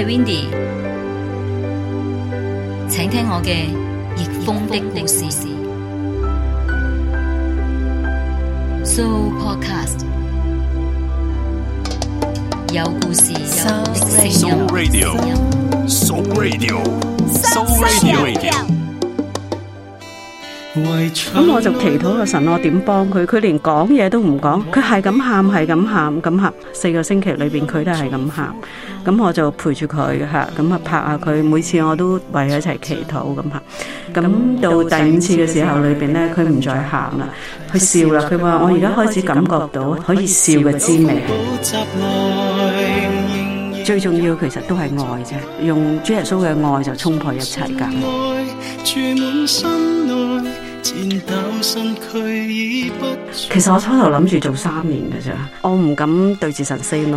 係 Windy，請聽我嘅逆風的故事。So podcast 有故事、聲音、聲音。咁我就祈禱個神，我點幫佢？佢連講嘢都唔講，佢係咁喊，係咁喊，咁喊四個星期裏邊，佢都係咁喊。咁我就陪住佢吓，咁啊，拍下佢，每次我都為佢一齊祈禱咁吓。咁到第五次嘅時候裏邊咧，佢唔再喊啦，佢笑啦。佢話說我而家開始感覺到可以笑嘅滋味。最重要其實都係愛啫，用主耶穌嘅愛就衝破一切噶其實我初頭諗住做三年嘅咋，我唔敢對住神 say no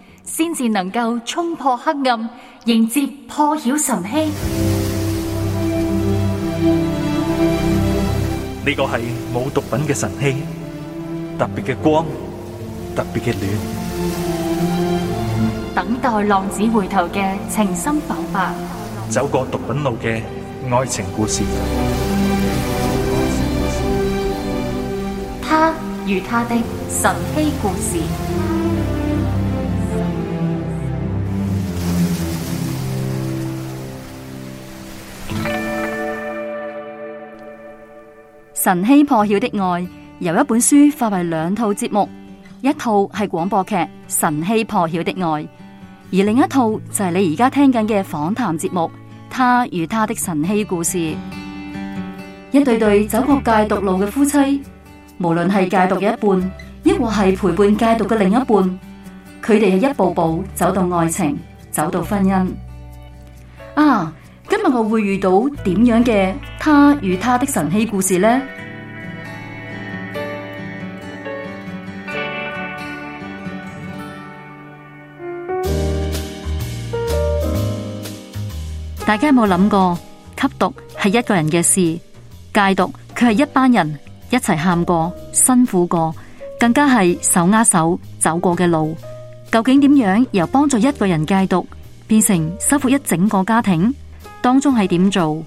先至能夠衝破黑暗，迎接破曉晨曦。呢個係冇毒品嘅晨曦，特別嘅光，特別嘅暖。等待浪子回頭嘅情深浮發，走過毒品路嘅愛情故事，他與他的晨曦故事。《神希破曉的愛》由一本書化為兩套節目，一套係廣播劇《神希破曉的愛》，而另一套就係你而家聽緊嘅訪談節目《他與他的神希故事》。一對對走過戒毒路嘅夫妻，無論係戒毒嘅一半，抑或係陪伴戒毒嘅另一半，佢哋係一步步走到愛情，走到婚姻。啊，今日我會遇到點樣嘅？他與他的神奇故事呢？大家有冇諗過吸毒係一個人嘅事，戒毒佢係一班人一齊喊過、辛苦過，更加係手握手走過嘅路。究竟點樣由幫助一個人戒毒，變成收復一整個家庭？當中係點做？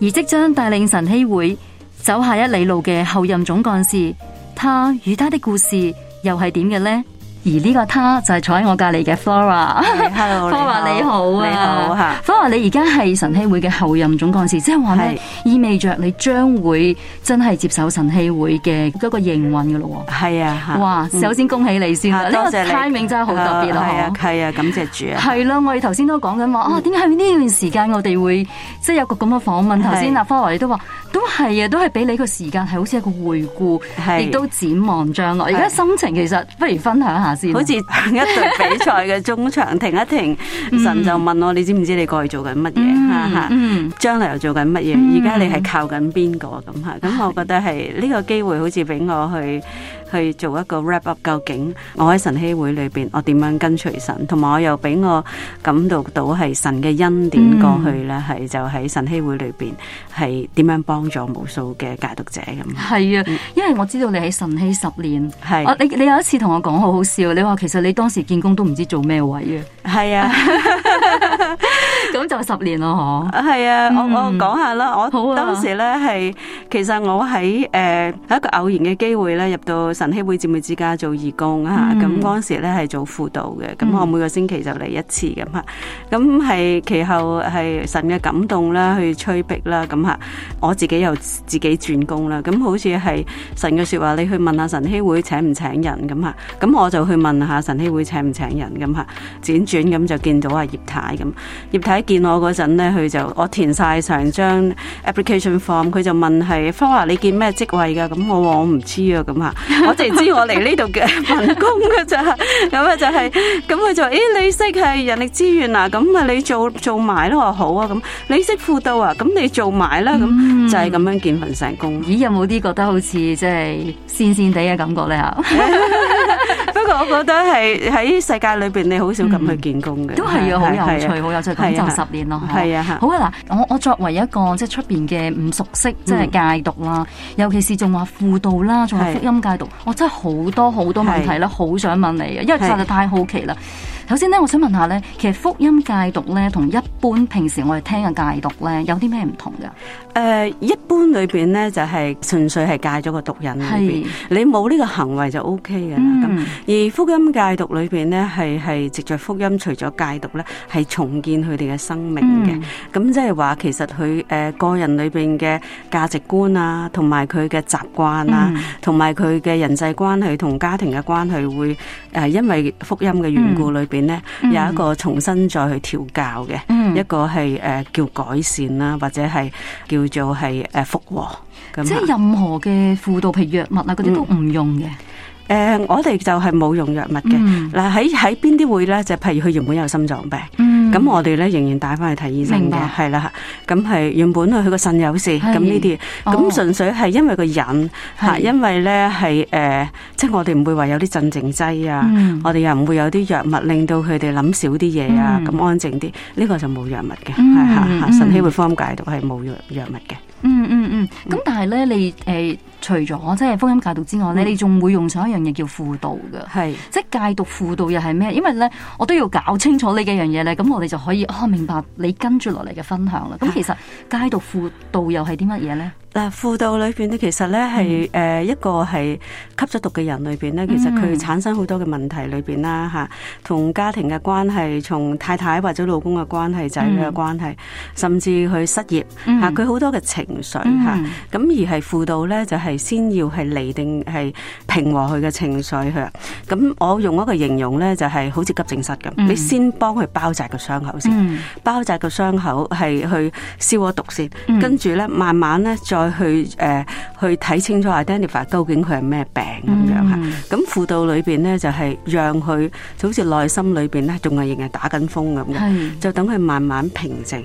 而即將帶領晨曦會走下一里路嘅後任總幹事，他與他的故事又係點嘅呢？而呢個他就係坐喺我隔籬嘅 Flora，Flora 你好啊，Flora 你而家係神曦會嘅後任總幹事，即係話咧意味着你將會真係接手神曦會嘅一個營運噶咯，係啊，哇，首先恭喜你先啦，呢個 timing 真係好特別咯，係啊，感謝主啊，係啦，我哋頭先都講緊話哦，點解係呢段時間我哋會即係有個咁嘅訪問？頭先阿 Flora 你都話都係啊，都係俾你個時間係好似一個回顧，亦都展望將來。而家心情其實不如分享下。好似一對比賽嘅中場停一停，神就問我：你知唔知你過去做緊乜嘢？將來又做緊乜嘢？而家你係靠緊邊個咁吓？咁我覺得係呢個機會，好似俾我去去做一個 wrap up。究竟我喺晨曦會裏邊，我點樣跟隨神？同埋我又俾我感覺到係神嘅恩典過去咧，係就喺晨曦會裏邊係點樣幫助無數嘅戒毒者咁。係啊，因為我知道你喺晨曦十年，係我你你有一次同我講好好笑。你話其實你當時見工都唔知做咩位啊？係啊。咁就十年咯，嗬！啊，係啊，我我講下啦，我當時咧係，其實我喺誒，喺一個偶然嘅機會咧入到神曦會姊妹之家做義工吓，咁嗰時咧係做輔導嘅，咁我每個星期就嚟一次咁吓，咁係其後係神嘅感動啦，去催逼啦，咁吓，我自己又自己轉工啦，咁好似係神嘅說話，你去問下神曦會請唔請人咁吓，咁我就去問下神曦會請唔請人咁吓，輾轉咁就見到阿葉太咁，葉太。見我嗰陣咧，佢就我填晒成張 application form，佢就問，係 Flora 你見咩職位噶？咁我話我唔知啊，咁吓，我淨係知我嚟呢度嘅份工噶咋，咁啊就係，咁佢就話誒你識係人力資源啊？咁啊你做做埋都好啊，咁你識輔導啊？咁你做埋啦，咁就係咁樣見份成功咦，有冇啲覺得好似即係善善地嘅感覺咧？吓，不過我覺得係喺世界裏邊你好少咁去見工嘅，都係啊，好有趣，好有趣。十年咯，係啊！好啊，嗱，我我作為一個即係出邊嘅唔熟悉，即係戒毒啦，嗯、尤其是仲話輔導啦，仲話福音戒毒，是我真係好多好多問題啦，好是想問你嘅，因為實在太好奇啦。首先咧，我想問下咧，其實福音戒毒咧，同一般平時我哋聽嘅戒毒咧，有啲咩唔同嘅？誒、呃、一般裏邊咧就係、是、純粹係戒咗個毒癮裏邊，是你冇呢個行為就 O K 嘅啦。咁、嗯、而福音戒毒裏邊咧，係係藉著福音，除咗戒毒咧，係重建佢哋嘅生命嘅。咁即係話其實佢誒個人裏邊嘅價值觀啊，同埋佢嘅習慣啊，同埋佢嘅人際關係同家庭嘅關係會誒因為福音嘅緣故裏邊。嗯咧有一個重新再去調教嘅，mm hmm. 一個係誒叫改善啦，或者係叫做係誒復和，咁。即係任何嘅輔導，譬如藥物啊，嗰啲都唔用嘅。Mm hmm. 誒，我哋就係冇用藥物嘅。嗱，喺喺邊啲會咧？就譬如佢原本有心臟病，咁我哋咧仍然帶翻去睇醫生嘅。係啦，咁係原本佢佢個腎有事，咁呢啲，咁純粹係因為個癮吓，因為咧係誒，即係我哋唔會話有啲鎮靜劑啊，我哋又唔會有啲藥物令到佢哋諗少啲嘢啊，咁安靜啲。呢個就冇藥物嘅，吓，腎氣會方解毒係冇藥藥物嘅。嗯嗯嗯，咁但係咧，你誒。除咗即係福音戒毒之外咧，你仲會用上一樣嘢叫輔導嘅，係是即係戒毒輔導又係咩？因為咧，我都要搞清楚你嘅一樣嘢咧，咁我哋就可以哦、啊、明白你跟住落嚟嘅分享啦。咁其實戒毒輔導又係啲乜嘢咧？嗱、啊，輔導裏邊咧、嗯，其實咧係誒一個係吸咗毒嘅人裏邊咧，其實佢產生好多嘅問題裏邊啦吓，同、嗯、家庭嘅關係，從太太或者老公嘅關係仔女嘅、嗯、關係，甚至佢失業嚇，佢好、嗯啊、多嘅情緒吓，咁、啊、而係輔導咧就係、是。就是係先要係嚟，定係平和佢嘅情緒佢，咁我用一個形容咧就係好似急症室咁，你先幫佢包紮個傷口先，包紮個傷口係去消咗毒先，跟住咧慢慢咧再去誒去睇清楚阿 Jennifer 究竟佢係咩病咁樣吓，咁輔導裏邊咧就係讓佢好似內心裏邊咧仲係仍然打緊風咁嘅，就等佢慢慢平靜，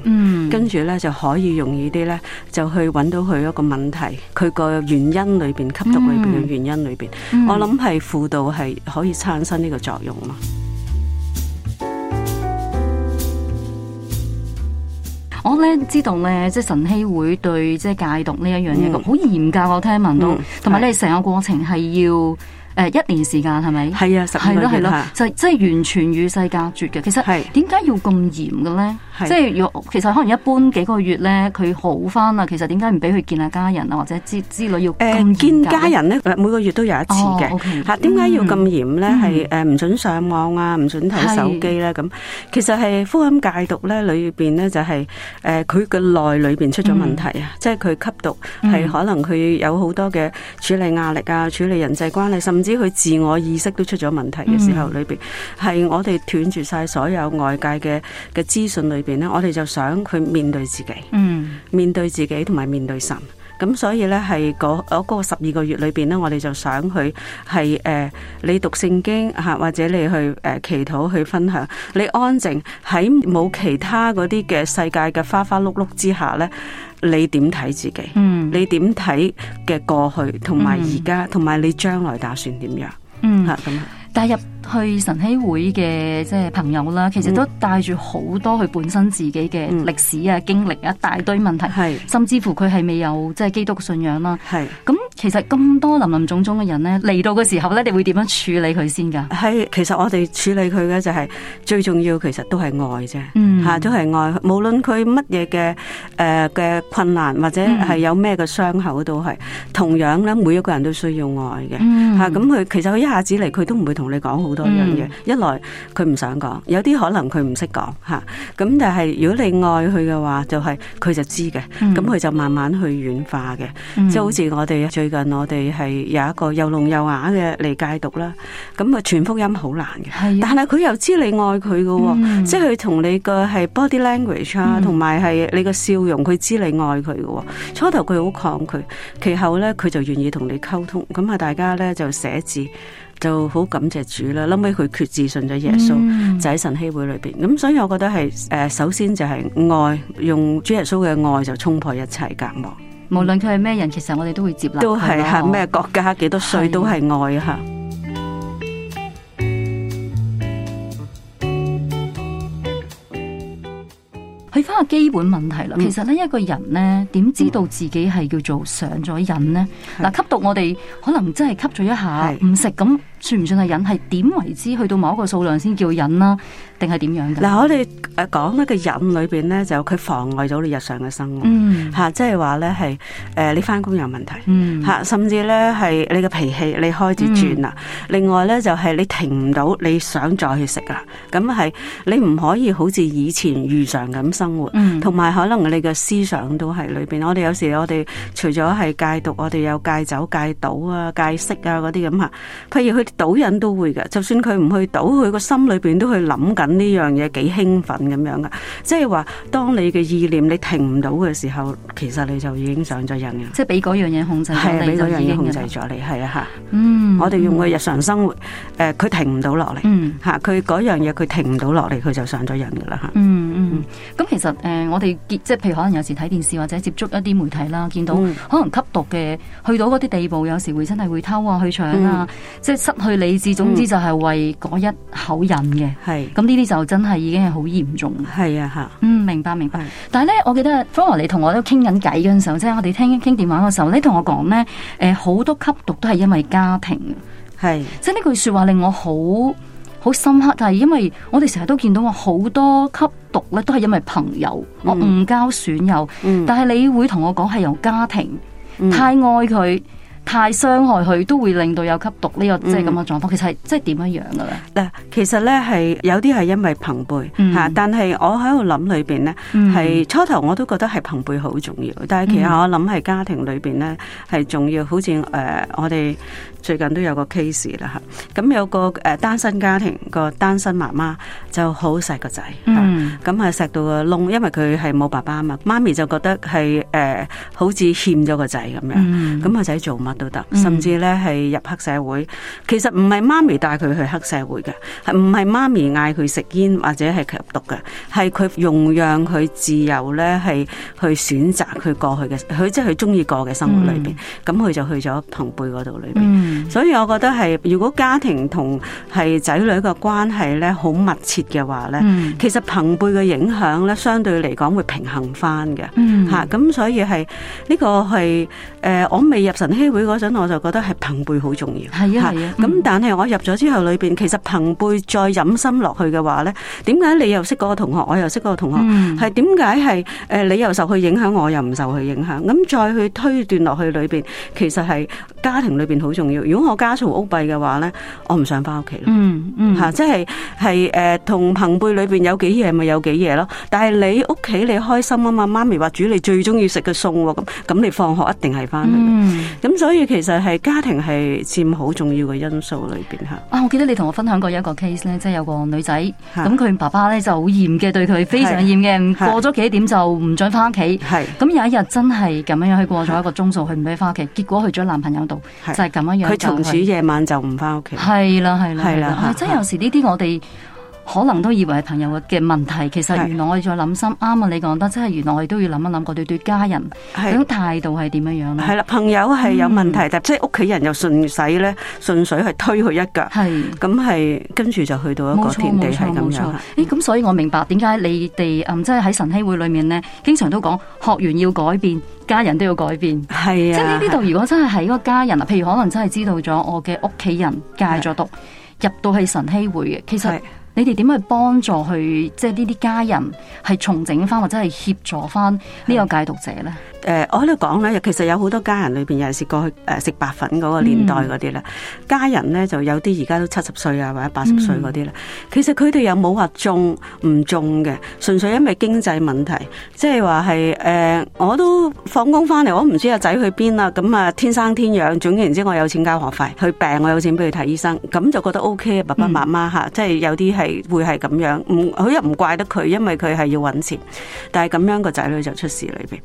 跟住咧就可以容易啲咧就去揾到佢一個問題，佢個原。因裏邊吸毒裏邊嘅原因裏邊，嗯嗯、我諗係輔導係可以產生呢個作用嘛？我咧知道咧，即係晨曦會對即係戒毒呢一樣嘢好嚴格，我聽聞到，同埋、嗯、你哋成個過程係要。誒、呃、一年時間係咪？係啊，十個月係咯係咯，就即、是、係完全與世隔絕嘅。其實點解是要咁嚴嘅咧？即係是其實可能一般幾個月咧，佢好返啦。其實點解唔俾佢見下家人啊，或者之之類要咁嚴格、呃？見家人咧，每個月都有一次嘅。吓，點解要咁嚴咧？係誒唔准上網啊，唔准睇手機咧、啊、咁。是嗯、其實係福音戒毒咧，裏邊咧就係誒佢嘅內裏邊出咗問題啊！嗯、即係佢吸毒係可能佢有好多嘅處理壓力啊，處理人際關係甚至佢自我意識都出咗問題嘅時候裏邊，係、mm. 我哋斷絕晒所有外界嘅嘅資訊裏邊咧，我哋就想佢面對自己，mm. 面對自己同埋面對神。咁所以呢，係嗰嗰個十二個月裏邊呢，我哋就想佢係誒，你讀聖經吓，或者你去誒、呃、祈禱去分享，你安靜喺冇其他嗰啲嘅世界嘅花花碌碌之下呢。你點睇自己？你點睇嘅過去，同埋而家，同埋你將來打算點樣？嚇咁、嗯，但係入。去晨曦會嘅即係朋友啦，其實都帶住好多佢本身自己嘅歷史啊、嗯、經歷啊，一大堆問題，係是甚至乎佢係未有即係基督信仰啦。係咁是，其實咁多林林總總嘅人咧嚟到，嘅時候咧，你會點樣處理佢先噶係其實我哋處理佢嘅就係最重要，其實都係愛啫，吓、嗯、都係愛，無論佢乜嘢嘅誒嘅困難或者係有咩嘅傷口都係、嗯、同樣咧，每一個人都需要愛嘅吓。咁佢、嗯、其實佢一下子嚟，佢都唔會同你講好多樣嘢，嗯、一來佢唔想講，有啲可能佢唔識講吓，咁、啊、但係如果你愛佢嘅話，就係、是、佢就知嘅，咁佢、嗯、就慢慢去軟化嘅，即係、嗯、好似我哋最近我哋係有一個又聾又啞嘅嚟戒毒啦，咁啊傳福音好難嘅，的但係佢又知你愛佢嘅，嗯、即係佢同你嘅係 body language 啊、嗯，同埋係你個笑容，佢知你愛佢嘅，初頭佢好抗拒，其後咧佢就願意同你溝通，咁啊大家咧就寫字。就好感謝主啦，後屘佢決志信咗耶穌，嗯、就喺晨曦會裏邊。咁、嗯、所以我覺得係誒、呃，首先就係愛，用主耶穌嘅愛就衝破一切隔膜。無論佢係咩人，其實我哋都會接納佢都係吓咩國家，幾、嗯、多歲都係愛吓。的翻個基本問題啦，其實呢，一個人呢點知道自己係叫做上咗癮呢？嗱是，吸毒我哋可能真係吸咗一下唔食咁，算唔算係癮？係點為之？去到某一個數量先叫癮啦。定係點樣嘅？嗱，我哋誒講咧個癮裏邊咧，就佢妨礙咗你日常嘅生活，吓，即係話咧係誒你翻工有問題，吓，甚至咧係你嘅脾氣你開始轉啦。另外咧就係你停唔到你想再去食啦。咁係你唔可以好似以前如常咁生活，同埋可能你嘅思想都喺裏邊。我哋有時我哋除咗係戒毒，我哋有戒酒、戒賭啊、戒色啊嗰啲咁啊。譬如佢賭癮都會嘅，就算佢唔去賭，佢個心裏邊都去諗緊。呢樣嘢幾興奮咁樣噶，即係話當你嘅意念你停唔到嘅時候，其實你就已經上咗癮啦。即係俾嗰樣嘢控制，係俾嗰樣嘢控制咗你，係啊。吓。嗯，我哋用佢日常生活，誒，佢、嗯、停唔到落嚟，吓，佢嗰樣嘢佢停唔到落嚟，佢就上咗癮噶啦吓。嗯。嗯，咁其實誒，我哋即係譬如可能有時睇電視或者接觸一啲媒體啦，見到可能吸毒嘅去到嗰啲地步，有時會真係會偷啊，去搶啊，即係失去理智。總之就係為嗰一口癮嘅。係，咁呢啲就真係已經係好嚴重。係啊，吓，嗯，明白明白。但係咧，我記得 Fiona 你同我都傾緊偈嗰陣時候，即係我哋聽傾電話嘅時候，你同我講呢，誒，好多吸毒都係因為家庭，係，即係呢句說話令我好。好深刻，但係因為我哋成日都見到話好多吸毒咧，都係因為朋友，嗯、我唔交損友。嗯、但係你會同我講係由家庭、嗯、太愛佢。太傷害佢都會令到有吸毒呢個，即係咁嘅狀況，其實係即係點樣樣嘅咧？嗱，其實咧係有啲係因為朋輩吓，但係我喺度諗裏邊咧係，初頭我都覺得係朋輩好重要，但係其實我諗係家庭裏邊咧係重要，好似誒我哋最近都有個 case 啦吓，咁有個誒單身家庭個單身媽媽就好錫個仔，咁係錫到個窿，因為佢係冇爸爸啊嘛，媽咪就覺得係誒好似欠咗個仔咁樣，咁個仔做乜？都得，甚至咧係入黑社會，其實唔係媽咪帶佢去黑社會嘅，係唔係媽咪嗌佢食煙或者係吸毒嘅，係佢用讓佢自由咧，係去選擇佢過去嘅，佢即係佢中意過嘅生活裡邊，咁佢、嗯、就去咗朋輩度裡邊，嗯、所以我覺得係如果家庭同係仔女嘅關係咧好密切嘅話咧，嗯、其實朋輩嘅影響咧，相對嚟講會平衡翻嘅。吓、嗯，咁、嗯，啊、所以係呢、這個係誒、呃、我未入神希會。嗰陣我就覺得係朋輩好重要，係啊係啊。咁但係我入咗之後裏邊，其實朋輩再諗深落去嘅話咧，點解你又識嗰個同學，我又識嗰個同學，係點解係？誒，你又受佢影響，我又唔受佢影響。咁再去推斷落去裏邊，其實係。家庭裏邊好重要。如果我家嘈屋閉嘅話咧，我唔想翻屋企咯。嗯嗯，吓、啊、即係係誒，同朋、呃、輩裏邊有幾嘢咪有幾嘢咯。但係你屋企你開心啊嘛？媽咪話煮你最中意食嘅餸咁，咁你放學一定係翻去。咁、嗯嗯、所以其實係家庭係佔好重要嘅因素裏邊吓。啊，我記得你同我分享過一個 case 咧，即係有個女仔咁，佢是爸爸咧就好嚴嘅對佢，非常嚴嘅，是過咗幾點就唔准翻屋企。係咁是是有一日真係咁樣樣去過咗一個鐘數，去唔俾翻屋企， 結果去咗男朋友。是就係咁樣樣，佢從此夜晚就唔翻屋企。係啦，係啦，係啦，係真有時呢啲我哋。可能都以為係朋友嘅問題，其實原來我哋再諗深，啱啊是！錯你講得真係原來我哋都要諗一諗，我哋對對家人嗰種態度係點樣樣咧？係啦，朋友係有問題，嗯、但即係屋企人又順使咧，順水係推佢一腳，係咁係跟住就去到一個田地係咁樣。誒，咁、哎、所以我明白點解你哋即係喺晨曦會裡面呢，經常都講學員要改變，家人都要改變，係啊，即係呢度如果真係喺一個家人啊，譬如可能真係知道咗我嘅屋企人戒咗毒，啊、入到係晨曦會嘅，其實、啊。你哋點去幫助佢，即係呢啲家人係重整翻，或者係協助翻呢個戒毒者咧？誒、呃，我喺度講咧，其實有好多家人裏邊，尤其係過去誒、呃、食白粉嗰個年代嗰啲啦，mm. 家人咧就有啲而家都七十歲啊，或者八十歲嗰啲啦。Mm. 其實佢哋又冇話中唔中嘅，純粹因為經濟問題，即係話係誒，我都放工翻嚟，我唔知阿仔去邊啦。咁啊，天生天養，總言之我，我有錢交學費，佢病我有錢俾佢睇醫生，咁就覺得 O、OK、K、啊。爸爸媽媽嚇，mm. 即係有啲係會係咁樣，唔佢又唔怪得佢，因為佢係要揾錢，但係咁樣個仔女就出事裏邊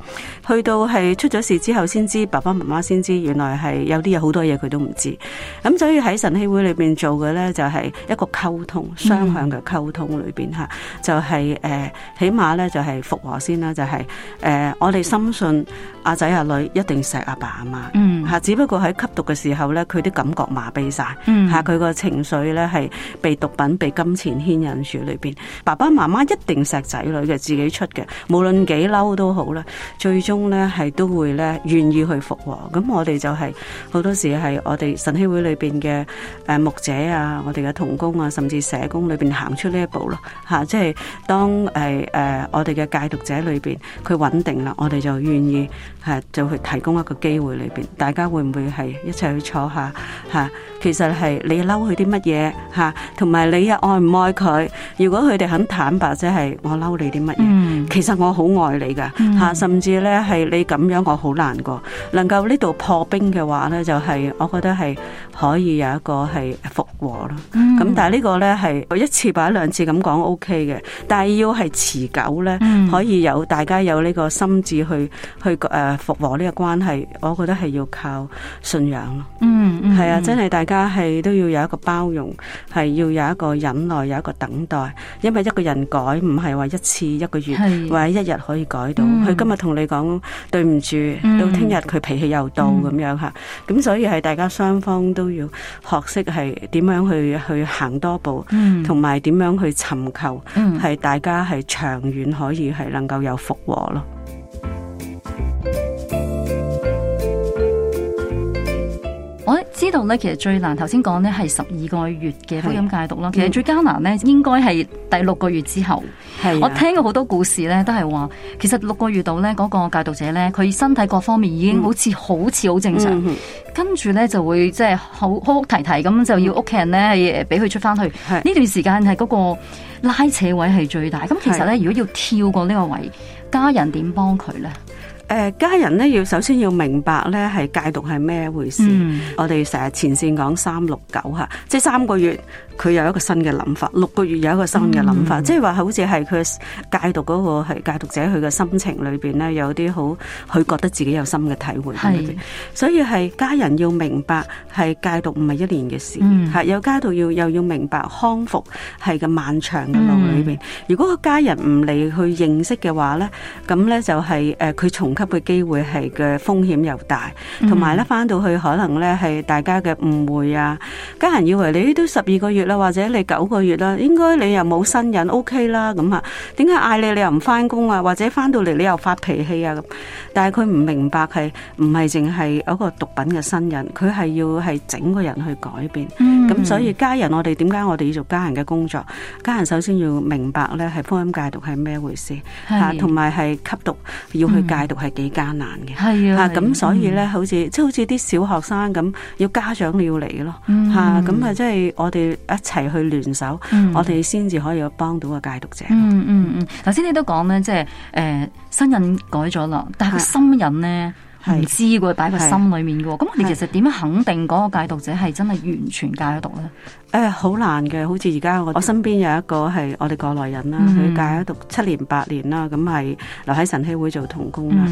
去。到係出咗事之後先知，爸爸媽媽先知，原來係有啲有好多嘢，佢都唔知。咁所以喺神曦會裏邊做嘅咧，就係、是、一個溝通，雙向嘅溝通裏邊吓、嗯、就係、是、誒、呃、起碼咧就係復和先啦，就係、是、誒、就是呃、我哋深信阿仔阿女一定錫阿爸阿媽嗯嚇。只不過喺吸毒嘅時候咧，佢啲感覺麻痹曬，吓佢個情緒咧係被毒品、被金錢牽引住裏邊，爸爸媽媽一定錫仔女嘅，自己出嘅，無論幾嬲都好啦，最終咧。咧係都會咧願意去復和，咁我哋就係好多時係我哋晨曦會裏邊嘅誒牧者啊，我哋嘅同工啊，甚至社工裏邊行出呢一步咯吓，即係當誒誒我哋嘅戒毒者裏邊佢穩定啦，我哋就願意係就去提供一個機會裏邊，大家會唔會係一齊去坐下吓？其實係你嬲佢啲乜嘢吓，同埋你又愛唔愛佢？如果佢哋肯坦白，即係我嬲你啲乜嘢，其實我好愛你㗎吓，甚至咧係。你咁樣我好難過，能夠呢度破冰嘅話呢，就係、是、我覺得係可以有一個係復和咯。咁、mm hmm. 但係呢個呢，係一次或一兩次咁講 O K 嘅，但係要係持久呢，mm hmm. 可以有大家有呢個心志去去誒復和呢個關係，我覺得係要靠信仰咯。嗯、mm，係、hmm. 啊，真係大家係都要有一個包容，係要有一個忍耐，有一個等待，因為一個人改唔係話一次一個月，是或者一日可以改到。佢、mm hmm. 今日同你講。對唔住，到聽日佢脾氣又到咁、嗯、樣吓，咁所以係大家雙方都要學識係點樣去去行多步，同埋點樣去尋求係大家係長遠可以係能夠有復和咯。我知道咧，其實最難頭先講咧係十二個月嘅福音戒毒咯。的其實最艱難咧，應該係第六個月之後。係的，我聽過好多故事咧，都係話其實六個月到咧，嗰、那個戒毒者咧，佢身體各方面已經好似好似好正常，的跟住咧就會即係好哭哭啼啼咁，就要屋企人咧俾佢出翻去。呢的段時間係嗰個拉扯位係最大。咁、那個、其實咧，如果要跳過呢個位，家人點幫佢咧？誒，家人咧要首先要明白咧係戒毒係咩回事。嗯、我哋成日前線講三六九吓，即係三個月佢有一個新嘅諗法，六個月有一個新嘅諗法，嗯、即係話好似係佢戒毒嗰、嗰個係戒毒者佢嘅心情裏邊咧有啲好，佢覺得自己有深嘅體會喺裏邊。係是，所以係家人要明白係戒毒唔係一年嘅事，係、嗯、有戒毒要又要明白康復係個漫長嘅路裏邊。嗯、如果個家人唔嚟去認識嘅話咧，咁咧就係誒佢從。給嘅機會係嘅風險又大，同埋咧翻到去可能咧係大家嘅誤會啊！家人以為你都十二個月啦，或者你九個月啦，應該你又冇心癮，OK 啦咁啊，點解嗌你你又唔翻工啊？或者翻到嚟你又發脾氣啊？咁，但係佢唔明白係唔係淨係有一個毒品嘅心癮，佢係要係整個人去改變。咁、嗯、所以家人，我哋點解我哋要做家人嘅工作？家人首先要明白咧係幫音戒毒係咩回事吓，同埋係吸毒要去戒毒。係幾艱難嘅，吓咁所以咧，嗯、好似即係好似啲小學生咁，要家長要嚟咯，吓咁、嗯、啊，即係我哋一齊去聯手，嗯、我哋先至可以幫到個戒毒者。嗯嗯嗯，頭、嗯、先、嗯、你都講咧，即係誒新人改咗啦，但係個心癮咧唔知喎，喺個心裏面嘅，咁我哋其實點樣肯定嗰個戒毒者係真係完全戒咗毒咧？誒好、哎、難嘅，好似而家我我身邊有一個係我哋過來人啦，佢戒喺度七年八年啦，咁係留喺神曦會做童工啦。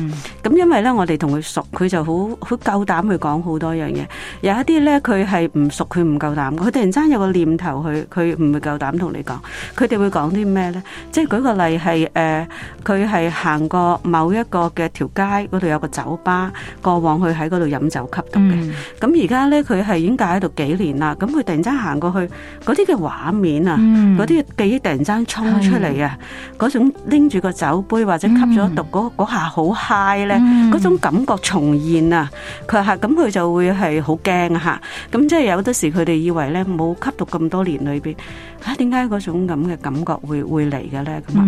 咁、嗯、因為咧，我哋同佢熟，佢就好好夠膽去講好多樣嘢。有一啲咧，佢係唔熟，佢唔夠膽。佢突然之間有個念頭，佢佢唔會夠膽同你講。佢哋會講啲咩咧？即係舉個例係誒，佢、呃、係行過某一個嘅條街，嗰度有個酒吧，過往去喺嗰度飲酒吸毒嘅。咁而家咧，佢係已經戒喺度幾年啦，咁佢突然之間行。過去啲嘅畫面啊，嗰啲，嗯、記憶突然間衝出嚟啊，是種拎住個酒杯或者吸咗毒嗰，嗯、下好嗨咧，種感覺重現啊，佢吓咁佢就會係好驚吓，咁即係有啲時佢哋以為咧冇吸毒咁多年裏邊，啊點解種咁嘅感覺會會嚟嘅咧咁啊？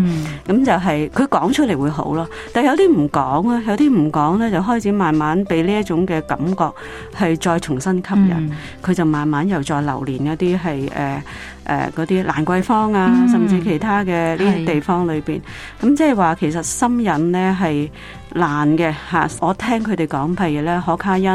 咁，嗯、就係佢講出嚟會好咯，但係有啲唔講啊，有啲唔講咧就開始慢慢被呢一種嘅感覺係再重新吸引，佢，嗯、就慢慢又再留連一啲。啲係誒誒嗰啲蘭桂坊啊，mm hmm. 甚至其他嘅呢啲地方裏邊，咁即係話其實心癮咧係。難嘅嚇，我聽佢哋講，譬如咧可卡因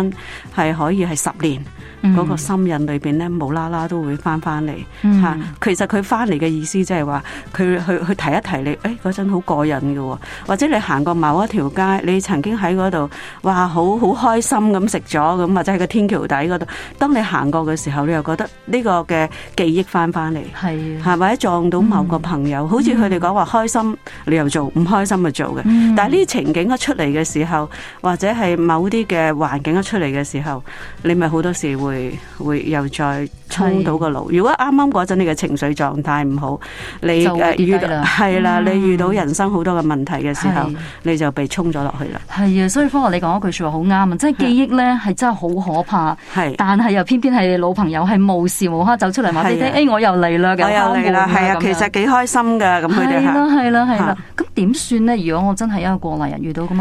係可以係十年嗰個心癮裏邊咧，嗯、無啦啦都會翻翻嚟嚇。嗯、其實佢翻嚟嘅意思即係話，佢去去，去提一提你，誒嗰陣好過癮嘅喎，或者你行過某一條街，你曾經喺嗰度話好好開心咁食咗咁，或者喺個天橋底嗰度，當你行過嘅時候，你又覺得呢個嘅記憶翻翻嚟，係嚇、嗯、的或者撞到某個朋友，嗯、好似佢哋講話開心你又做，唔、嗯嗯、開心咪做嘅。但係呢啲情景出嚟嘅時候，或者係某啲嘅環境一出嚟嘅時候，你咪好多時會會又再衝到個腦。如果啱啱嗰陣你嘅情緒狀態唔好，你遇係啦，你遇到人生好多嘅問題嘅時候，你就被沖咗落去啦。係啊，所以方學你講一句說話好啱啊，即係記憶咧係真係好可怕。但係又偏偏係老朋友係無時無刻走出嚟話：，你睇，我又嚟啦！我又嚟啦！係啊，其實幾開心噶，咁佢哋係啦，係啦，係啦。咁點算呢？如果我真係一個過嚟人遇到咁。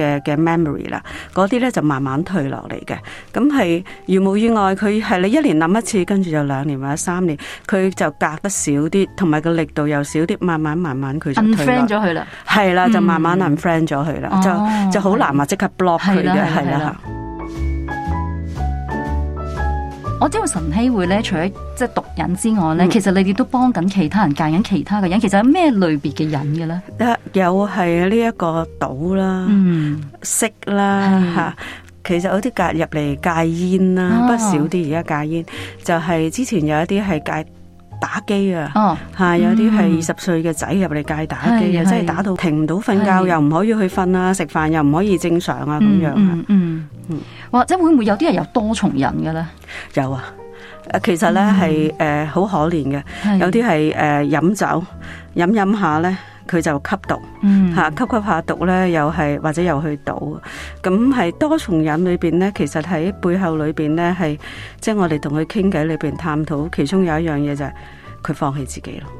嘅嘅 memory 啦，嗰啲咧就慢慢退落嚟嘅。咁係如冇意外，佢係你一年諗一次，跟住就兩年或者三年，佢就隔得少啲，同埋個力度又少啲，慢慢慢慢佢就退咗佢啦。係啦，就慢慢 unfriend 咗佢啦，就就好難話即刻 block 佢嘅，係啦、哦。我知道晨曦會咧，除咗即係毒癮之外咧，嗯、其實你哋都幫緊其他人戒緊其他嘅癮，其實有咩類別嘅癮嘅咧？有係呢一個賭啦、嗯、色啦吓是、啊，其實有啲戒入嚟戒煙啦，啊、不少啲而家戒煙，就係、是、之前有一啲係戒。打機啊，吓有啲係二十歲嘅仔入嚟戒打機，啊，嗯、即係打到停唔到瞓覺，是又唔可以去瞓啊，食飯是又唔可以正常啊，咁樣啊嗯。嗯嗯，或者係會唔會有啲人有多重癮嘅咧？有啊，誒，其實咧係誒好可憐嘅，有啲係誒飲酒飲飲下咧。佢就吸毒，嚇、嗯、吸吸下毒咧，又係或者又去賭，咁係多重癮裏邊咧，其實喺背後裏邊咧，係即係我哋同佢傾偈裏邊探討，其中有一樣嘢就係、是、佢放棄自己咯。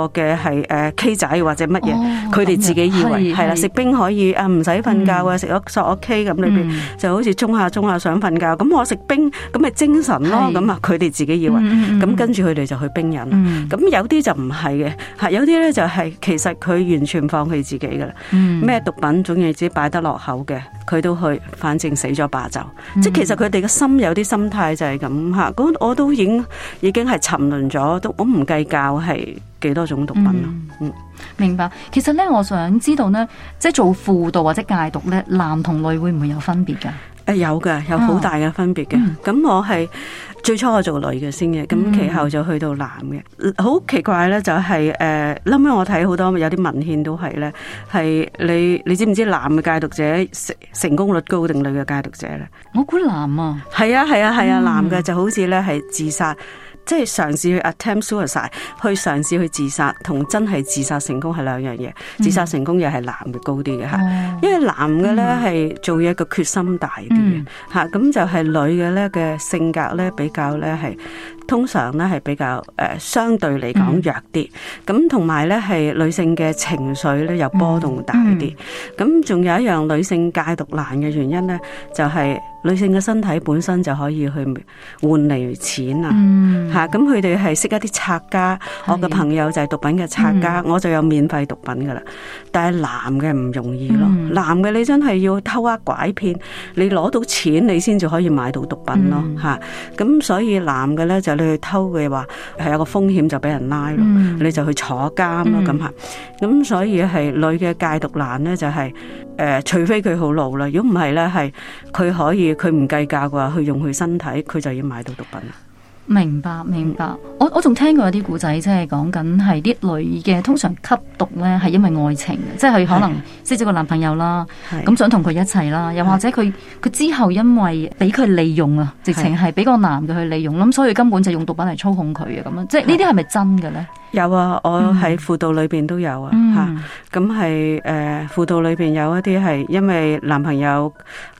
嘅係誒 K 仔或者乜嘢，佢哋自己以為係啦，食冰可以啊唔使瞓覺啊，食咗索 K 咁裏邊，就好似沖下沖下想瞓覺。咁我食冰咁咪精神咯，咁啊佢哋自己以為，咁跟住佢哋就去冰飲。咁有啲就唔係嘅，吓有啲咧就係其實佢完全放棄自己噶啦。咩毒品總言之擺得落口嘅，佢都去，反正死咗霸就。即係其實佢哋嘅心有啲心態就係咁吓，咁我都已經已經係沉淪咗，都我唔計較係幾多。種毒品咯，嗯，明白。其實咧，我想知道呢，即係做輔導或者戒毒呢，男同女會唔會有分別噶？誒、呃，有噶，有好大嘅分別嘅。咁、啊嗯、我係最初我做女嘅先嘅，咁其後就去到男嘅。好、嗯、奇怪呢、就是，就係誒，後屘我睇好多有啲文獻都係呢，係你你知唔知男嘅戒毒者成成功率高定女嘅戒毒者呢？我估男啊，係啊係啊係啊，啊，男嘅就好似呢係自殺。即係嘗試去 attempt suicide，去嘗試去自殺，同真係自殺成功係兩樣嘢。Mm. 自殺成功又係男嘅高啲嘅嚇，Oh. 因為男嘅咧係做嘢個決心大啲嘅嚇，咁、mm. 就係女嘅咧嘅性格咧比較咧係。通常咧係比較誒、呃、相對嚟講弱啲，咁同埋咧係女性嘅情緒咧又波動大啲，咁仲、嗯、有一樣女性戒毒難嘅原因咧，就係、是、女性嘅身體本身就可以去換嚟錢、嗯、啊，吓咁佢哋係識一啲拆家，的我嘅朋友就係毒品嘅拆家，嗯、我就有免費毒品噶啦，但係男嘅唔容易咯，嗯、男嘅你真係要偷啊拐騙，你攞到錢你先至可以買到毒品咯，吓、啊、咁、啊、所以男嘅咧就。啊啊你去偷嘅話，係有個風險就俾人拉咯，嗯、你就去坐監咯咁吓，咁、嗯、所以係女嘅戒毒難咧，就係、是、誒、呃，除非佢好老啦，如果唔係咧，係佢可以佢唔計價嘅話，佢用佢身體，佢就要買到毒品。明白，明白。我我仲聽過一啲古仔，即係講緊係啲女嘅通常吸毒咧，係因為愛情嘅，即係佢可能識咗個男朋友啦，咁是想同佢一齊啦，又或者佢佢是之後因為俾佢利用啊，直情係俾個男嘅去利用，咁是所以根本就用毒品嚟操控佢啊。咁樣，即係呢啲係咪真嘅咧？有啊，我喺輔導裏邊都有啊，吓、嗯，咁係誒、輔、呃、導裏邊有一啲係因為男朋友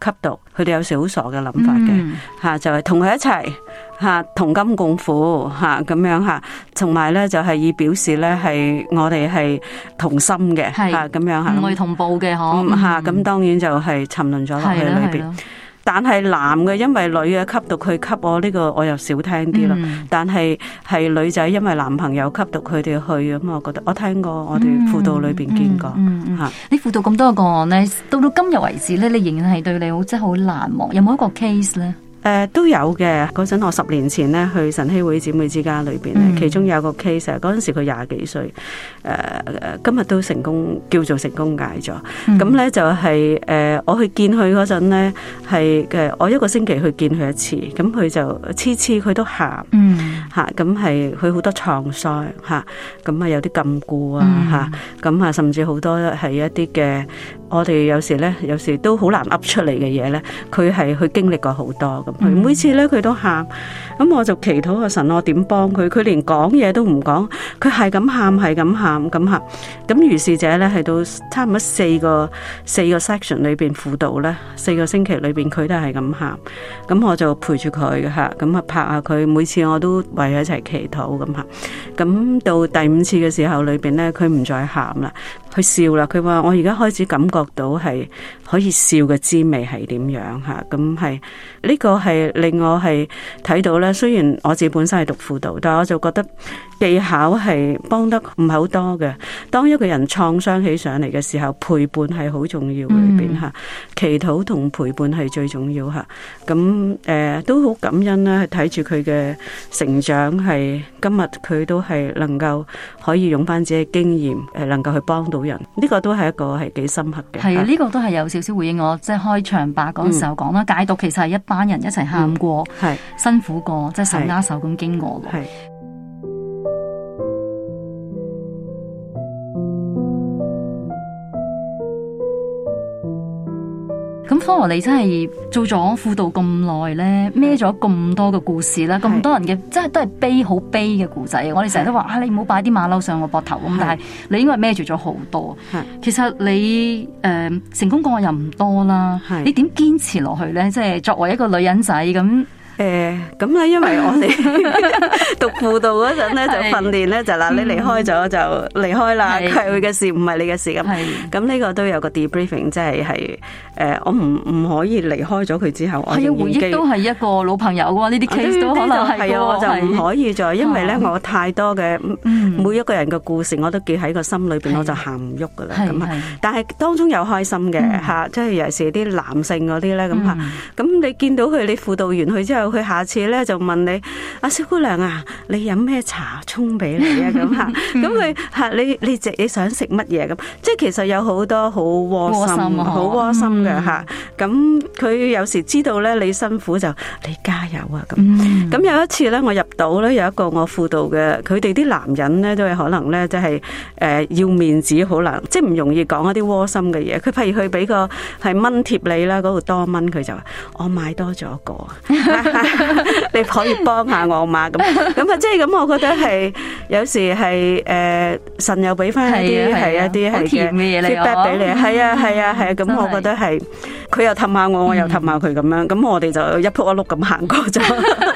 吸毒，佢哋有時好傻嘅諗法嘅，吓、嗯啊、就係同佢一齊。吓同甘共苦吓咁樣吓，同埋咧就係以表示咧係我哋係同心嘅係咁樣吓，可以同步嘅嗬吓咁，嗯嗯、當然就係沉淪咗落去裏邊。但係男嘅，因為女嘅吸毒，佢吸我呢、這個我又少聽啲啦。嗯、但係係女仔，因為男朋友吸毒，佢哋去咁，我覺得我聽過我哋輔導裏邊見過吓、嗯嗯嗯嗯嗯。你輔導咁多個案咧，到到今日為止咧，你仍然係對你好真係好難忘。有冇一個 case 咧？誒，都有嘅。嗰陣我十年前咧，去晨曦會姊妹之家裏邊咧，嗯、其中有個 case，嗰陣時佢廿幾歲，誒、呃，今日都成功叫做成功戒咗。咁咧、嗯、就係、是、誒、呃，我去見佢嗰陣咧係嘅，我一個星期去見佢一次。咁佢就次次佢都喊，吓咁係佢好多創傷吓，咁啊有啲禁錮啊吓，咁、嗯、啊甚至好多係一啲嘅，我哋有時咧有時都好難噏出嚟嘅嘢咧，佢係去經歷過好多。每次咧佢都喊，咁我就祈禱個神我，我點幫佢？佢連講嘢都唔講，佢係咁喊，係咁喊，咁喊。咁如是者咧，係到差唔多四個四個 section 裏邊輔導咧，四個星期裏邊佢都係咁喊。咁我就陪住佢吓，咁啊拍下佢。每次我都為佢一齊祈禱咁吓。咁到第五次嘅時候裏邊咧，佢唔再喊啦。佢笑啦，佢話我而家開始感覺到係可以笑嘅滋味係點樣吓，咁係呢個係令我係睇到咧。雖然我自己本身係讀輔導，但係我就覺得技巧係幫得唔係好多嘅。當一個人創傷起上嚟嘅時候，陪伴係好重要裏邊吓，嗯、祈禱同陪伴係最重要吓。咁、啊、誒、呃、都好感恩啦，睇住佢嘅成長係，今日佢都係能夠可以用返自己經驗誒，能夠去幫到。呢個都係一個係幾深刻嘅，係啊，呢、啊、個都係有少少回應我，即、就、係、是、開場白嗰個時候講啦，嗯、解讀其實係一班人一齊喊過，係、嗯、辛苦過，即、就、係、是、手拉手咁經過嘅。你真係做咗輔導咁耐咧，孭咗咁多嘅故事啦，咁是多人嘅，真係都係悲，好悲嘅故仔。我哋成日都話，啊是、哎，你唔好擺啲馬騮上我膊頭咁，是但係你應該孭住咗好多。是其實你誒、呃、成功個案又唔多啦，是你點堅持落去咧？即、就、係、是、作為一個女人仔咁。誒，咁咧，因為我哋讀輔導嗰陣咧，就訓練咧，就嗱，你離開咗就離開啦，佢係佢嘅事唔係你嘅事。咁，咁呢個都有個 debriefing，即係係誒，我唔唔可以離開咗佢之後，係啊，回憶都係一個老朋友噶嘛，呢啲 case 都可能係啊，我就唔可以再，因為咧我太多嘅，嗯，每一個人嘅故事，我都記喺個心裏邊，我就行唔喐噶啦。咁啊，但係當中有開心嘅吓，即係尤其係啲男性嗰啲咧咁吓，咁你見到佢，你輔導完佢之後。佢下次咧就問你，阿小姑娘啊，你飲咩茶沖俾你啊？咁嚇，咁佢嚇你你食你想食乜嘢咁？即係其實有好多好窩心，好窩心嘅嚇。咁佢有時知道咧你辛苦就你加油啊咁。咁有一次咧，我入到咧有一個我輔導嘅，佢哋啲男人咧都係可能咧即係誒要面子好難，即係唔容易講一啲窩心嘅嘢。佢譬如佢俾個係蚊貼你啦，嗰度多蚊，佢就話：我買多咗個。 你可以幫下我嘛？咁咁啊，即係咁，我覺得係有時係誒、呃，神又俾翻啲係一啲係嘅，咩嘢嚟俾你，係啊係啊係啊，咁、嗯、我覺得係佢又氹下我，我又氹下佢咁樣，咁、嗯、我哋就一仆一碌咁行過咗。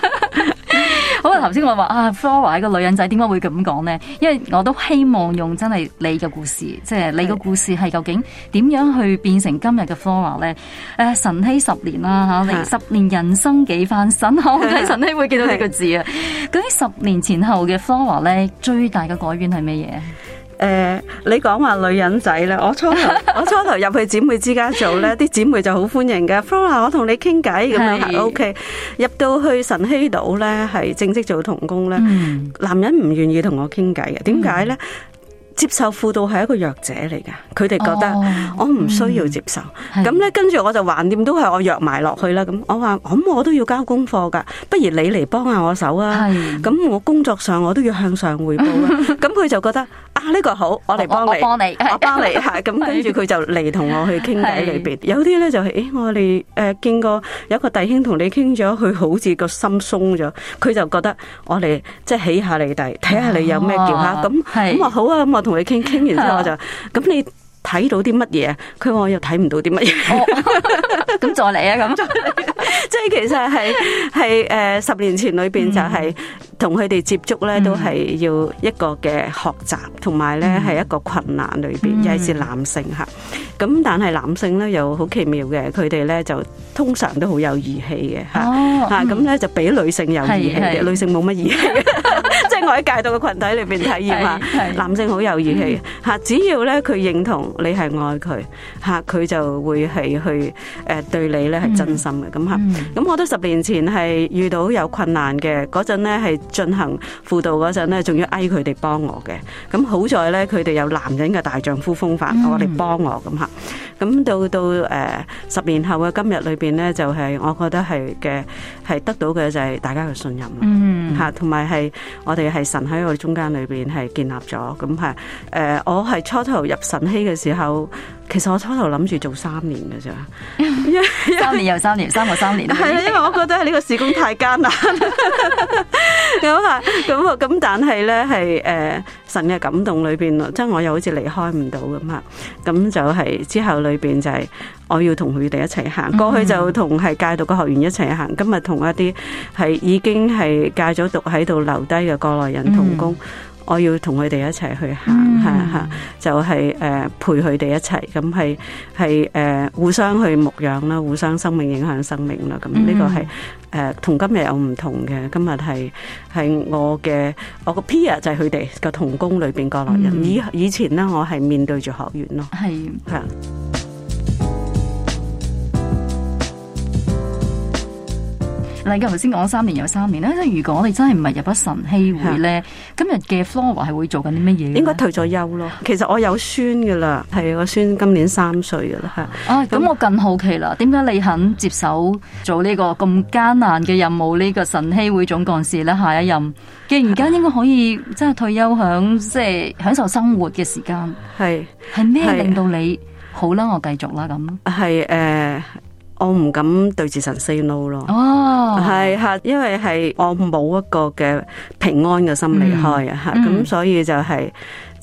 好，頭先我話啊，Flora 一個女人仔點解會咁講呢？因為我都希望用真係你嘅故事，即、就、係、是、你嘅故事係究竟點樣去變成今日嘅 Flora 咧？誒、呃，晨曦十年啦、啊、嚇、啊，十年人生幾番新嚇？的我睇晨曦會見到你個字啊！究竟十年前後嘅 Flora 咧，最大嘅改變係咩嘢？誒、欸，你講話女人仔咧，我初頭 我初頭入去姊妹之家做咧，啲姊妹就好歡迎嘅。Flora，我同你傾偈咁樣，O K。入到是、okay, 去晨曦島咧，係正式做同工咧。嗯、男人唔願意同我傾偈嘅，點解咧？嗯、接受輔導係一個弱者嚟噶，佢哋覺得我唔需要接受。咁咧、哦嗯，跟住我就橫掂都係我約埋落去啦。咁我話，咁我都要交功課噶，不如你嚟幫下我手啊。咁我工作上我都要向上匯報啊。咁佢就覺得。 呢個好，我嚟幫你，我幫你，係咁跟住佢就嚟同我去傾偈裏邊。有啲咧就係，誒，我哋誒見過有一個弟兄同你傾咗，佢好似個心鬆咗，佢就覺得我哋即係起下你底睇下你有咩叫啦。咁咁啊好啊，咁我同你傾傾完之後我就，咁你睇到啲乜嘢？佢話我又睇唔到啲乜嘢？咁再嚟啊！咁再即係其實係係誒十年前裏邊就係同佢哋接觸咧都係要一個嘅學習，同埋咧係一個困難裏邊，尤其是男性吓。咁但係男性咧又好奇妙嘅，佢哋咧就通常都好有義氣嘅吓吓，咁咧就比女性有義氣嘅，女性冇乜義氣嘅，即係我喺界度嘅群體裏邊體驗下，男性好有義氣吓，只要咧佢認同你係愛佢吓，佢就會係去誒對你咧係真心嘅咁吓。咁我都十年前係遇到有困難嘅嗰陣咧，係進行輔導嗰陣咧，仲要嗌佢哋幫我嘅。咁好在咧，佢哋有男人嘅大丈夫風範，我哋幫我咁吓。咁到到誒十年後嘅今日裏邊咧，就係我覺得係嘅係得到嘅就係大家嘅信任啦吓，同埋係我哋係神喺我哋中間裏邊係建立咗咁吓。誒，我係初頭入神曦嘅時候。其實我初頭諗住做三年嘅咋。 三年又三年，三個三年。係啦，因為我覺得呢個事工太艱難。咁啊， 咁啊，咁但係咧，係、呃、誒神嘅感動裏邊咯，即係我又好似離開唔到咁啊。咁就係之後裏邊就係我要同佢哋一齊行。過去就同係戒毒嘅學員一齊行，今日同一啲係已經係戒咗毒喺度留低嘅過來人同工。 我要同佢哋一齊去行，係啊嚇，就係誒陪佢哋一齊，咁係係誒互相去牧養啦，互相生命影響生命啦，咁呢個係誒、嗯呃、同今日有唔同嘅，今日係係我嘅我個 peer 就係佢哋個同工裏邊過來人，以、嗯、以前咧我係面對住學員咯，係係啊。是嗱，你頭先講三年有三年咧，即如果我哋真係唔係入咗神禧會咧，是今日嘅 Flora 係會做緊啲乜嘢咧？應該退咗休咯。其實我有孫噶啦，係我孫今年三歲噶啦，嚇。哦、啊，咁、嗯、我更好奇啦，點解你肯接手做呢個咁艱難嘅任務呢、呢個神禧會總幹事咧？下一任既然而家應該可以即係退休享，即係是、就係、享受生活嘅時間，係係咩令到你是好啦？我繼續啦，咁係誒。.我唔敢對住神 say no 咯，係吓，因為係我冇一個嘅平安嘅心離開啊，吓、mm，咁、hmm. 所以就係、是。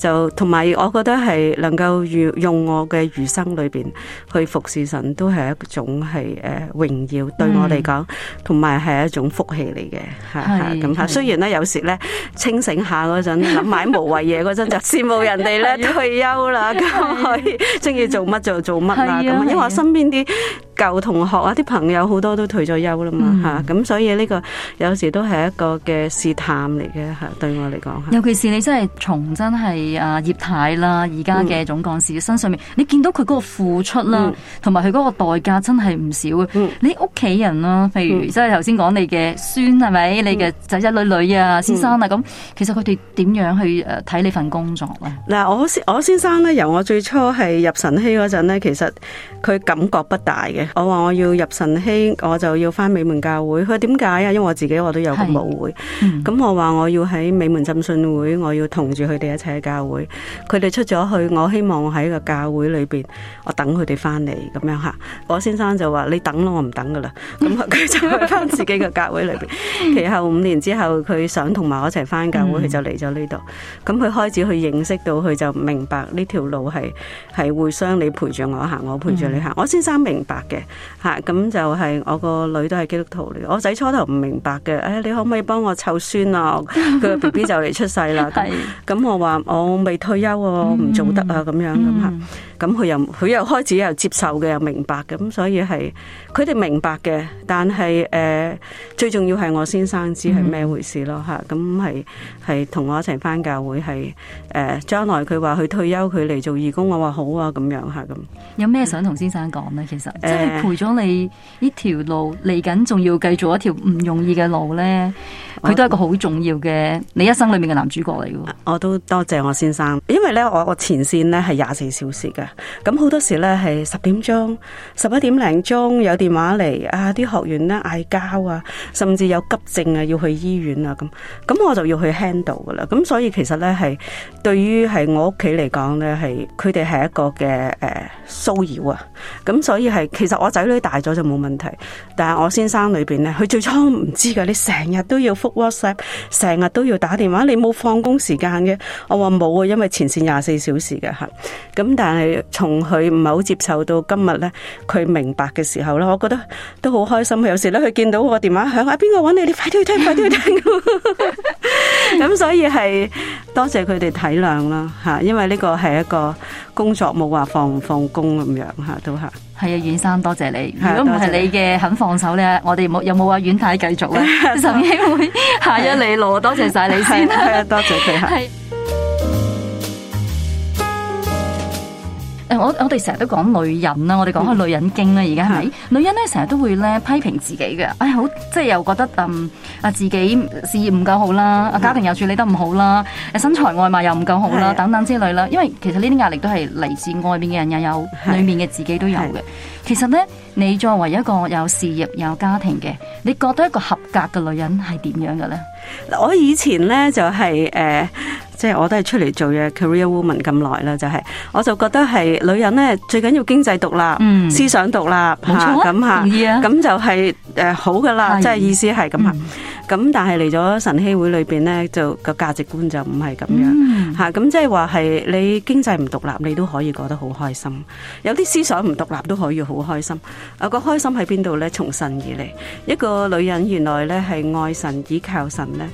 就同埋，我覺得係能夠用我嘅餘生裏邊去服侍神，都係一種係誒榮耀，對我嚟講，同埋係一種福氣嚟嘅，係係咁吓。雖然咧、啊，有時咧清醒下嗰陣諗埋無謂嘢嗰陣，就羨慕人哋、呃、咧退休啦，咁可以，即意做乜就做乜啦。咁因為我身邊啲舊同學啊，啲朋友好多都退咗休啦嘛，吓咁，所以呢個有時都係一個嘅試探嚟嘅，吓對我嚟講吓。尤其是你真係從真係。啊，葉太啦，而家嘅總幹事、嗯、身上面，你見到佢嗰個付出啦，同埋佢嗰個代價真係唔少。嗯、你屋企人啦，譬如即係頭先講你嘅孫係咪，你嘅仔仔女女啊，先生啊咁，嗯、其實佢哋點樣去誒睇呢份工作咧？嗱、嗯，我先我先生咧，由我最初係入晨曦嗰陣咧，其實佢感覺不大嘅。我話我要入晨曦，我就要返美門教會。佢點解啊？因為我自己我都有個舞會。咁的、嗯、我話我要喺美門浸信會，我要同住佢哋一齊教會，佢哋出咗去，我希望喺個教會裏邊，我等佢哋翻嚟咁樣吓。我先生就話：你等咯，我唔等噶啦。咁佢就去翻自己個教會裏邊。其後五年之後，佢想同埋我一齊翻教會，佢就嚟咗呢度。咁佢開始去認識到，佢就明白呢條路係係互相你陪住我行，我陪住你行。嗯、我先生明白嘅吓，咁就係我個女都係基督徒嚟。我仔初頭唔明白嘅，誒、哎，你可唔可以幫我湊孫啊？佢個 B B 就嚟出世啦，咁咁我話我。我未退休喎，啊，我唔做得啊，咁樣咁吓，咁佢又佢又開始又接受嘅，又明白嘅，咁所以係佢哋明白嘅，但係誒、呃、最重要係我先生知係咩回事咯，啊、吓，咁係係同我一齊返教會係誒，將、呃、來佢話佢退休佢嚟做義工，我話好啊，咁樣吓咁。有咩想同先生講咧？其實、呃、即係陪咗你呢條路嚟緊，仲要繼續一條唔容易嘅路咧，佢都係一個好重要嘅我你一生裏面嘅男主角嚟嘅。我都多謝我。先生，因為咧我我前線咧係廿四小時嘅，咁好多時咧係十點鐘、十一點零鐘有電話嚟，啊啲學員咧嗌交啊，甚至有急症啊要去醫院啊，咁咁我就要去 handle 噶啦，咁所以其實咧係對於係我屋企嚟講咧係佢哋係一個嘅誒騷擾啊，咁、呃、所以係其實我仔女大咗就冇問題，但係我先生裏邊咧佢最初唔知噶，你成日都要覆 WhatsApp，成日都要打電話，你冇放工時間嘅，我話。冇啊，因為前線廿四小時嘅吓，咁但係，從佢唔係好接受到今日咧，佢明白嘅時候咧，我覺得都好開心。有時咧，佢見到我電話響啊，邊個搵你？你快啲去聽，快啲去聽。咁、 嗯、所以係多謝佢哋體諒啦吓，因為呢個係一個工作冇話放唔放工咁樣吓，都吓。係啊，遠生，多謝你。如果唔係你嘅肯放手咧，我哋冇有冇話遠太繼續咧？陳興會下一你路，多謝晒你先。係啊，多謝佢。係。我我哋成日都講女人啦，我哋講開女人經啦，而家係咪？是女人咧成日都會咧批評自己嘅。哎，好即係又覺得嗯啊自己事業唔夠好啦，啊是家庭又處理得唔好啦，身材外貌又唔夠好啦，是等等之類啦。因為其實呢啲壓力都係嚟自外面嘅人，又有是裏面嘅自己都有嘅。其實咧，你作為一個有事業有家庭嘅，你覺得一個合格嘅女人係點樣嘅咧？我以前咧就係、是、誒。呃即係我都係出嚟做嘢 career woman 咁耐啦，就係我就覺得係女人咧最緊要經濟獨立，思想獨立，冇錯咁吓，咁就係誒好噶啦，即係意思係咁啊。咁但係嚟咗神曦會裏邊咧，就個價值觀就唔係咁樣吓。咁即係話係你經濟唔獨立，你都可以過得好開心。有啲思想唔獨立都可以好開心。啊，個開心喺邊度咧？從神而嚟，一個女人原來咧係愛神倚靠神咧。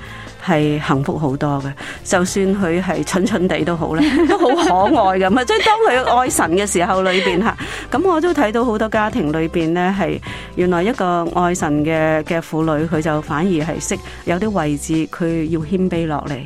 係幸福好多嘅，就算佢係蠢蠢哋都好咧， 都好可愛咁啊！即係當佢愛神嘅時候裏邊吓，咁 我都睇到好多家庭裏邊咧，係原來一個愛神嘅嘅婦女，佢就反而係識有啲位置，佢要謙卑落嚟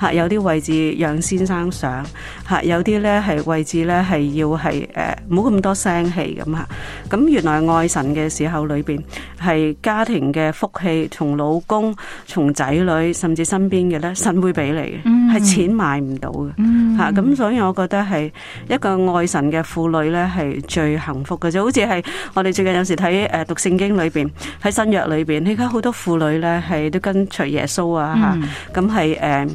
吓，有啲位置讓先生上吓，有啲咧係位置咧係要係誒，唔好咁多聲氣咁吓。咁原來愛神嘅時候裏邊，係家庭嘅福氣，從老公，從仔女，甚至。你身邊嘅咧，神會俾你嘅。 係、mm hmm. 錢買唔到嘅吓，咁、mm hmm. 啊、所以我覺得係一個愛神嘅婦女咧，係最幸福嘅。就好似係我哋最近有時睇誒、呃、讀聖經裏邊喺新約裏邊，你睇好多婦女咧係都跟隨耶穌啊吓，咁係誒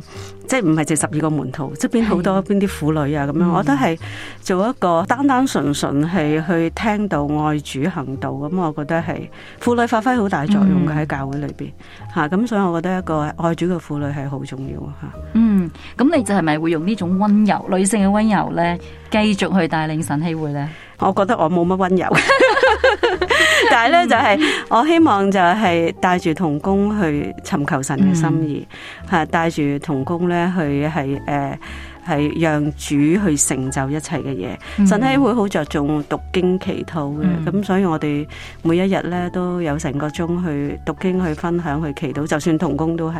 即係唔係淨十二個門徒，即係邊好多邊啲婦女啊咁、mm hmm. 樣，我覺得係做一個單單純純係去聽到愛主行道，咁我覺得係婦女發揮好大作用嘅喺教會裏邊吓，咁、mm hmm. 啊、所以我覺得一個愛主嘅婦女係好重要吓，嗯、啊。咁、嗯、你就係咪會用呢種温柔女性嘅温柔呢，繼續去帶領神禧會呢？我覺得我冇乜温柔 但呢，但係呢就係我希望就係帶住童工去尋求神嘅心意，係帶住童工呢去係誒。呃係讓主去成就一切嘅嘢，mm hmm. 神係會好着重讀經祈禱嘅，咁、mm hmm. 所以我哋每一日咧都有成個鐘去讀經去分享去祈禱，就算同工都係，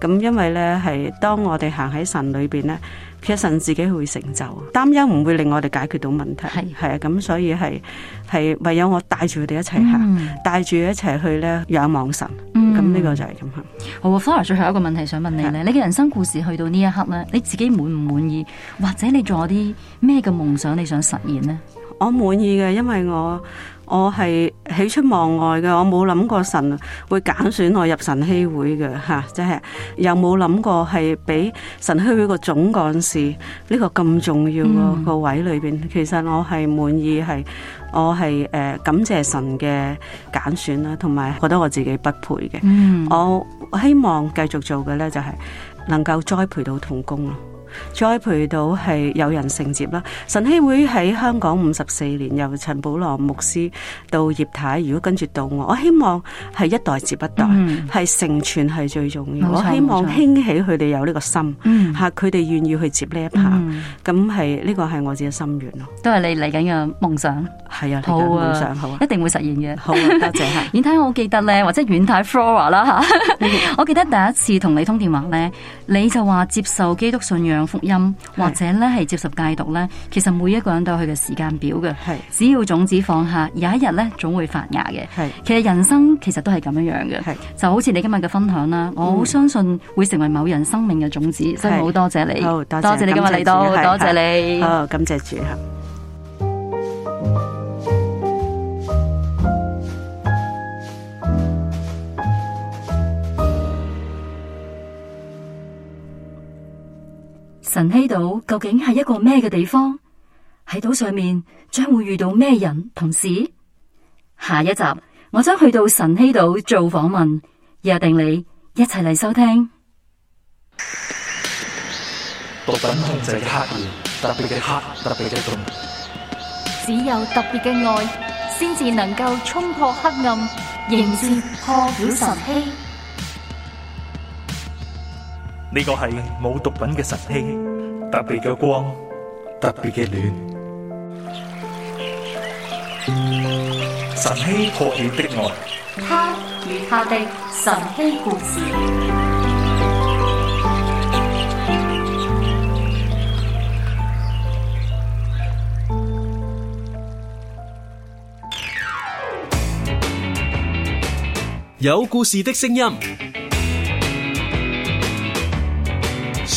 咁因為咧係當我哋行喺神裏邊咧，其實神自己會成就，擔憂唔會令我哋解決到問題，係係啊，咁、hmm. 所以係係唯有我帶住佢哋一齊行，帶住、mm hmm. 一齊去咧仰望神。咁呢、嗯、個就係咁好 Flora 最後一個問題想問你咧，是的 你嘅人生故事去到呢一刻咧，你自己滿唔滿意？或者你仲有啲咩嘅夢想你想實現呢？我滿意嘅，因為我。我係喜出望外嘅，我冇諗過神會揀選我入神禧會嘅，吓、啊，即係又冇諗過係俾神禧會總幹，這個總幹事呢個咁重要、嗯、個位裏邊。其實我係滿意，係我係誒、呃、感謝神嘅揀選啦，同埋覺得我自己不配嘅。嗯、我希望繼續做嘅呢，就係、是、能夠栽培到同工咯。栽培到係有人承接啦。晨曦會喺香港五十四年，由陳保羅牧師到葉太，如果跟住到我，我希望係一代接一代，係成全係最重要。我希望興起佢哋有呢個心，吓佢哋願意去接呢一棒。咁係呢個係我自己心願咯。都係你嚟緊嘅夢想。係啊，嚟緊夢想，好啊，一定會實現嘅。好啊，多謝吓。遠太，我好記得咧，或者遠太 Flora 啦吓，我記得第一次同你通電話咧，你就話接受基督信仰。福音，是或者咧係接受戒毒咧，其實每一個人都有佢嘅時間表嘅。是只要種子放下，有一日咧總會發芽嘅。是其實人生其實都係咁樣樣嘅。是就好似你今日嘅分享啦，我好相信會成為某人生命嘅種子，所以好多謝你，多謝你今日嚟到，多謝你。好，感謝主啊！神希島究竟係一個咩嘅地方？喺島上面將會遇到咩人？同時，下一集我將去到神希島做訪問，約定你一齊嚟收聽。毒品控制嘅黑，特別嘅黑，特別嘅重。只有特別嘅愛，先至能夠衝破黑暗，迎接破曉神希。呢個係冇毒品嘅神器，特別嘅光，特別嘅暖，神器破起的愛，他與他的神器故事，有故事的聲音。